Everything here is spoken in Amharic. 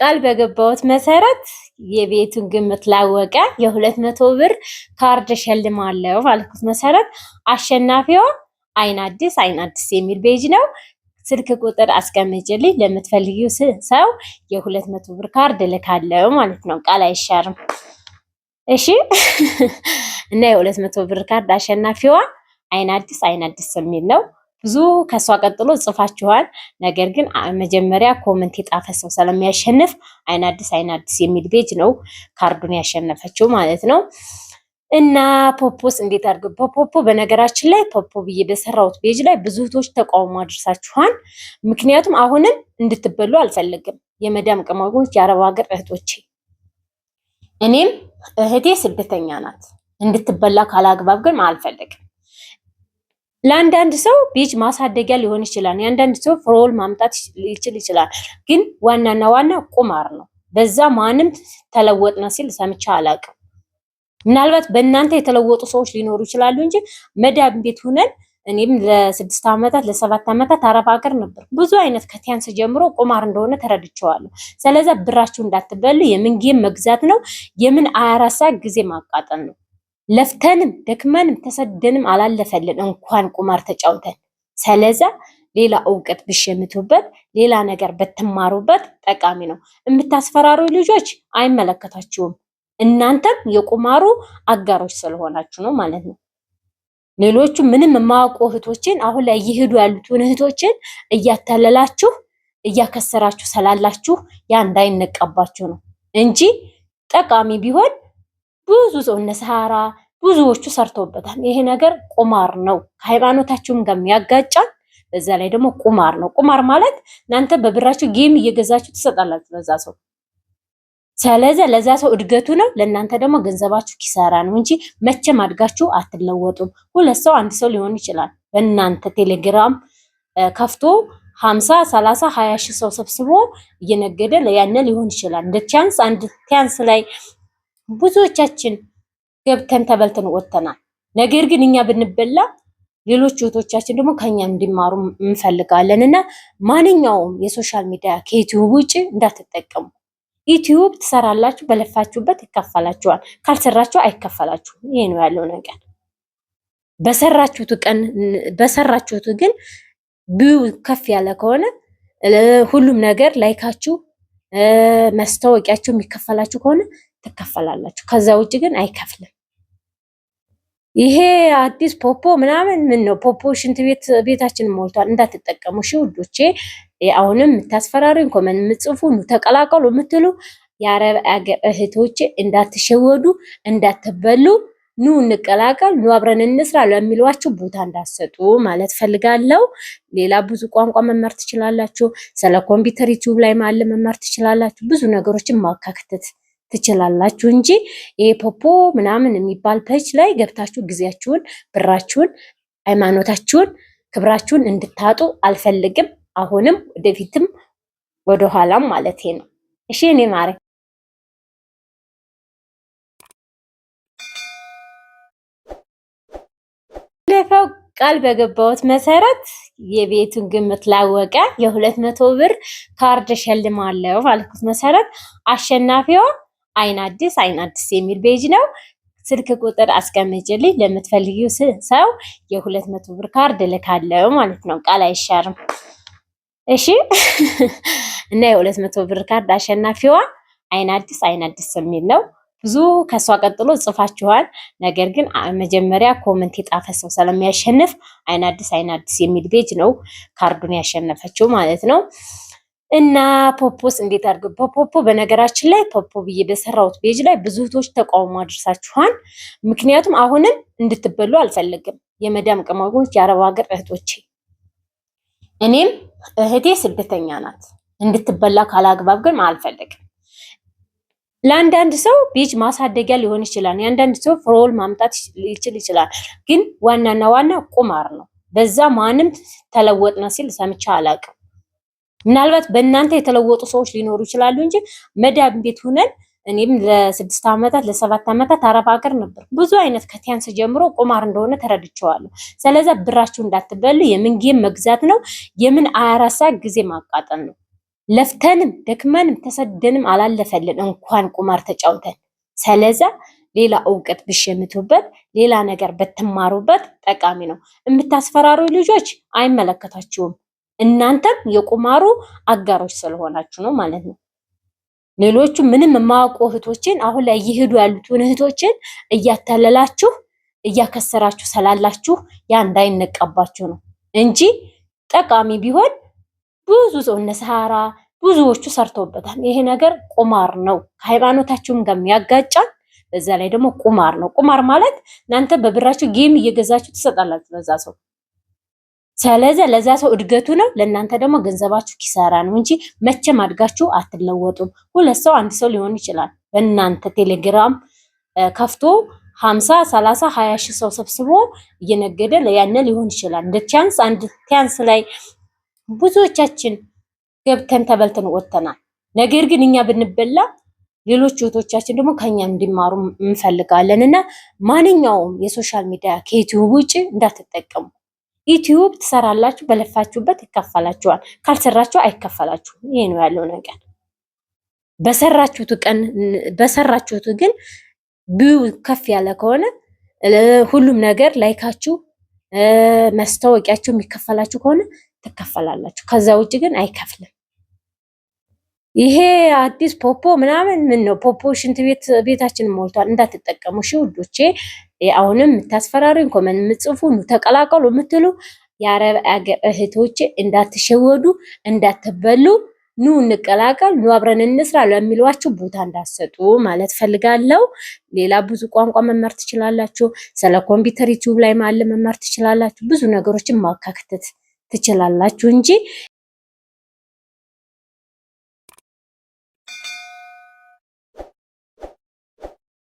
ቃል በገባሁት መሰረት የቤቱን ግምት ላወቀ የሁለት መቶ ብር ካርድ ሸልማለሁ ባልኩት መሰረት አሸናፊዋ አይን አዲስ አይን አዲስ የሚል ቤጅ ነው። ስልክ ቁጥር አስቀምጭልኝ ለምትፈልጊው ሰው የሁለት መቶ ብር ካርድ እልካለሁ ማለት ነው። ቃል አይሻርም። እሺ እና የሁለት መቶ ብር ካርድ አሸናፊዋ አይን አዲስ አይን አዲስ የሚል ነው። ብዙ ከእሷ ቀጥሎ ጽፋችኋል። ነገር ግን መጀመሪያ ኮመንት የጣፈ ሰው ስለሚያሸንፍ አይን አዲስ አይን አዲስ የሚል ቤጅ ነው ካርዱን ያሸነፈችው ማለት ነው። እና ፖፖስ እንዴት አድርገ ፖፖፖ በነገራችን ላይ ፖፖ ብዬ በሰራሁት ቤጅ ላይ ብዙ እህቶች ተቃውሞ አድርሳችኋል። ምክንያቱም አሁንም እንድትበሉ አልፈልግም። የመዳም ቅመሞች የአረብ ሀገር እህቶቼ፣ እኔም እህቴ ስደተኛ ናት። እንድትበላ ካላግባብ ግን አልፈልግም። ለአንዳንድ ሰው ቤጅ ማሳደጊያ ሊሆን ይችላል። የአንዳንድ ሰው ፍሮል ማምጣት ይችል ይችላል። ግን ዋናና ዋና ቁማር ነው። በዛ ማንም ተለወጥነ ሲል ሰምቻ አላውቅም። ምናልባት በእናንተ የተለወጡ ሰዎች ሊኖሩ ይችላሉ እንጂ መዳብ ቤት ሁነን እኔም ለስድስት ዓመታት ለሰባት ዓመታት አረብ ሀገር ነበር። ብዙ አይነት ከቲያንስ ጀምሮ ቁማር እንደሆነ ተረድቸዋለሁ። ስለዛ ብራችሁ እንዳትበሉ የምን ጌም መግዛት ነው፣ የምን አያራሳ ጊዜ ማቃጠል ነው። ለፍተንም ደክመንም ተሰደንም አላለፈልን እንኳን ቁማር ተጫውተን። ስለዛ ሌላ እውቀት ብሸምቱበት፣ ሌላ ነገር ብትማሩበት ጠቃሚ ነው። የምታስፈራሩ ልጆች አይመለከታችሁም። እናንተም የቁማሩ አጋሮች ስለሆናችሁ ነው ማለት ነው። ሌሎቹ ምንም የማያውቁ እህቶችን አሁን ላይ እየሄዱ ያሉትን እህቶችን እያታለላችሁ እያከሰራችሁ ስላላችሁ ያ እንዳይነቀባችሁ ነው እንጂ ጠቃሚ ቢሆን ብዙ ሰው እነ ብዙዎቹ ሰርተውበታል። ይሄ ነገር ቁማር ነው፣ ከሃይማኖታችሁም ጋር የሚያጋጫል። በዛ ላይ ደግሞ ቁማር ነው። ቁማር ማለት እናንተ በብራችሁ ጌም እየገዛችሁ ትሰጣላችሁ ለዛ ሰው። ስለዚህ ለዛ ሰው እድገቱ ነው፣ ለእናንተ ደግሞ ገንዘባችሁ ኪሳራ ነው እንጂ መቼም አድጋችሁ አትለወጡም። ሁለት ሰው አንድ ሰው ሊሆን ይችላል። በእናንተ ቴሌግራም ከፍቶ ሀምሳ ሰላሳ ሀያ ሺህ ሰው ሰብስቦ እየነገደ ያንን ሊሆን ይችላል። እንደ ቻንስ አንድ ቻንስ ላይ ብዙዎቻችን ገብተን ተበልተን ወጥተናል። ነገር ግን እኛ ብንበላ ሌሎች እህቶቻችን ደግሞ ከኛ እንዲማሩ እንፈልጋለን እና ማንኛውም የሶሻል ሚዲያ ከዩቲዩብ ውጭ እንዳትጠቀሙ። ዩቲዩብ ትሰራላችሁ፣ በለፋችሁበት ይከፈላችኋል፣ ካልሰራችሁ አይከፈላችሁም። ይሄ ነው ያለው ነገር። በሰራችሁት ቀን በሰራችሁት ግን ቢው ከፍ ያለ ከሆነ ሁሉም ነገር ላይካችሁ፣ መስታወቂያችሁ የሚከፈላችሁ ከሆነ ትከፈላላችሁ። ከዛ ውጭ ግን አይከፍልም። ይሄ አዲስ ፖፖ ምናምን ምን ነው ፖፖ ሽንት ቤት ቤታችን ሞልቷል፣ እንዳትጠቀሙ ሺ ውዶቼ። አሁንም የምታስፈራሪን ኮመንት የምጽፉ ተቀላቀሉ የምትሉ የአረብ አገር እህቶቼ እንዳትሸወዱ፣ እንዳትበሉ። ኑ እንቀላቀል፣ ኑ አብረን እንስራ ለሚሏችሁ ቦታ እንዳሰጡ ማለት ፈልጋለሁ። ሌላ ብዙ ቋንቋ መማር ትችላላችሁ። ስለ ኮምፒውተር ዩቲዩብ ላይ ማለ መማር ትችላላችሁ። ብዙ ነገሮችን ማካክተት ትችላላችሁ እንጂ ይሄ ፖፖ ምናምን የሚባል ፔጅ ላይ ገብታችሁ ጊዜያችሁን፣ ብራችሁን፣ ሃይማኖታችሁን፣ ክብራችሁን እንድታጡ አልፈልግም። አሁንም ወደፊትም ወደኋላም ማለት ነው። እሺ እኔ ማረ ለፈው ቃል በገባሁት መሰረት የቤቱን ግምት ላወቀ የሁለት መቶ ብር ካርድ ሸልማለሁ ባልኩት መሰረት አሸናፊዋ አይን አዲስ አይን አዲስ የሚል ቤጅ ነው። ስልክ ቁጥር አስቀምጭልኝ ለምትፈልጊው ሰው የሁለት መቶ ብር ካርድ ልካለው ማለት ነው። ቃል አይሻርም። እሺ እና የሁለት መቶ ብር ካርድ አሸናፊዋ አይን አዲስ አይን አዲስ የሚል ነው። ብዙ ከሷ ቀጥሎ ጽፋችኋል። ነገር ግን መጀመሪያ ኮመንት የጣፈ ሰው ስለሚያሸንፍ አይን አዲስ አይን አዲስ የሚል ቤጅ ነው ካርዱን ያሸነፈችው ማለት ነው። እና ፖፖስ እንዴት አድርገ ፖፖፖ በነገራችን ላይ ፖፖ ብዬ በሰራሁት ቤጅ ላይ ብዙ እህቶች ተቃውሞ አድርሳችኋል። ምክንያቱም አሁንም እንድትበሉ አልፈልግም። የመዳም ቅመሞች የአረብ ሀገር እህቶቼ፣ እኔም እህቴ ስደተኛ ናት። እንድትበላ ካላግባብ ግን አልፈልግም። ለአንዳንድ ሰው ቤጅ ማሳደጊያ ሊሆን ይችላል። የአንዳንድ ሰው ፍሮል ማምጣት ሊችል ይችላል። ግን ዋናና ዋና ቁማር ነው። በዛ ማንም ተለወጥነ ሲል ሰምቼ አላውቅም። ምናልባት በእናንተ የተለወጡ ሰዎች ሊኖሩ ይችላሉ እንጂ መዳም ቤት ሁነን እኔም ለስድስት ዓመታት ለሰባት ዓመታት አረብ ሀገር ነበር። ብዙ አይነት ከቲያንስ ጀምሮ ቁማር እንደሆነ ተረድቸዋለሁ። ስለዚ ብራችሁ እንዳትበሉ፣ የምን ጌም መግዛት ነው፣ የምን አራት ጊዜ ማቃጠል ነው። ለፍተንም ደክመንም ተሰደንም አላለፈልን እንኳን ቁማር ተጫውተን። ስለዚ ሌላ እውቀት ብሸምቱበት፣ ሌላ ነገር ብትማሩበት ጠቃሚ ነው። የምታስፈራሩ ልጆች አይመለከታችሁም። እናንተም የቁማሩ አጋሮች ስለሆናችሁ ነው ማለት ነው። ሌሎቹ ምንም የማያውቁ እህቶችን አሁን ላይ እየሄዱ ያሉትን እህቶችን እያታለላችሁ እያከሰራችሁ ስላላችሁ ያ እንዳይነቀባችሁ ነው እንጂ ጠቃሚ ቢሆን ብዙ ሰው እነ ሰሃራ ብዙዎቹ ሰርተውበታል። ይሄ ነገር ቁማር ነው፣ ከሃይማኖታችሁም ጋር የሚያጋጫል። በዛ ላይ ደግሞ ቁማር ነው። ቁማር ማለት እናንተ በብራችሁ ጌም እየገዛችሁ ትሰጣላችሁ ለዛ ሰው ስለዚ ለዛ ሰው እድገቱ ነው፣ ለእናንተ ደግሞ ገንዘባችሁ ኪሳራ ነው እንጂ መቼም አድጋችሁ አትለወጡም። ሁለት ሰው አንድ ሰው ሊሆን ይችላል። በእናንተ ቴሌግራም ከፍቶ ሀምሳ ሰላሳ ሀያ ሺህ ሰው ሰብስቦ እየነገደ ለያነ ሊሆን ይችላል። እንደ ቻንስ አንድ ቻንስ ላይ ብዙዎቻችን ገብተን ተበልተን ወጥተናል። ነገር ግን እኛ ብንበላ ሌሎች እህቶቻችን ደግሞ ከኛ እንዲማሩ እንፈልጋለን እና ማንኛውም የሶሻል ሚዲያ ከዩቲዩብ ውጭ እንዳትጠቀሙ ዩቲዩብ ትሰራላችሁ፣ በለፋችሁበት ይከፈላችኋል፣ ካልሰራችሁ አይከፈላችሁም። ይሄ ነው ያለው ነገር። በሰራችሁት ቀን በሰራችሁት ግን ቢዩ ከፍ ያለ ከሆነ ሁሉም ነገር ላይካችሁ መስታወቂያቸው የሚከፈላችሁ ከሆነ ትከፈላላችሁ። ከዛ ውጭ ግን አይከፍልም። ይሄ አዲስ ፖፖ ምናምን ምን ነው ፖፖ ሽንት ቤት ቤታችንን ሞልቷል። እንዳትጠቀሙ ሺ ውዶቼ አሁንም የምታስፈራሩኝ ኮመንት የምትጽፉ ተቀላቀሉ የምትሉ የአረብ አገር እህቶች እንዳትሸወዱ፣ እንዳትበሉ፣ ኑ እንቀላቀል፣ ኑ አብረን እንስራ ለሚሏችሁ ቦታ እንዳትሰጡ ማለት ፈልጋለሁ። ሌላ ብዙ ቋንቋ መማር ትችላላችሁ። ስለ ኮምፒውተር ዩቲዩብ ላይ ማለ መማር ትችላላችሁ። ብዙ ነገሮችን ማካከተት ትችላላችሁ እንጂ